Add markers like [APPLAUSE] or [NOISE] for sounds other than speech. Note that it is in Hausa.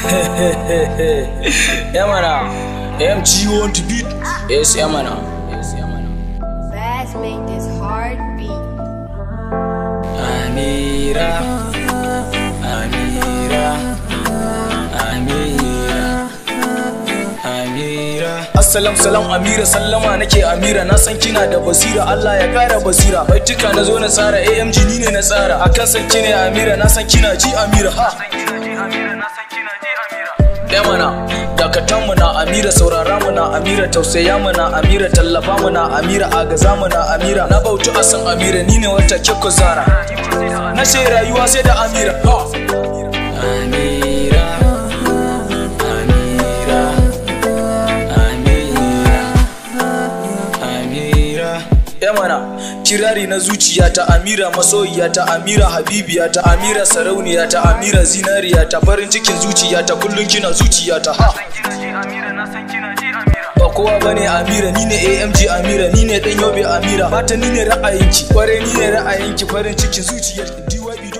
[LAUGHS] Yamana, MG want to beat? Yes, Yamana. Yes, Yamana. Let's make this hard beat. Anira. Anira. Anira. Anira. Assalam salam Amira sallama nake Amira na san kina da basira Allah ya kara basira baituka na zo na tsara AMG ni ne na tsara akan san kine Amira na san kina ji Amira ha san kina ji Amira ɗaya dakatan mu na amira saurara mu na amira tausaya mu na amira tallafa mu na amira agaza mu na amira na bautu a san amira ni ne wata ke zara na sai rayuwa sai da amira kirari na zuciya ta amira masoyiya ta amira habibiya ta amira sarauniya ta amira zinariya ta farin cikin zuciya ta kullun kina zuciya ta ha ba kowa bane amira ni ne amg amira ni ne dan yobe amira fata ni ne ra'ayinki kware ni ne ra'ayinki farin cikin zuciyar dyb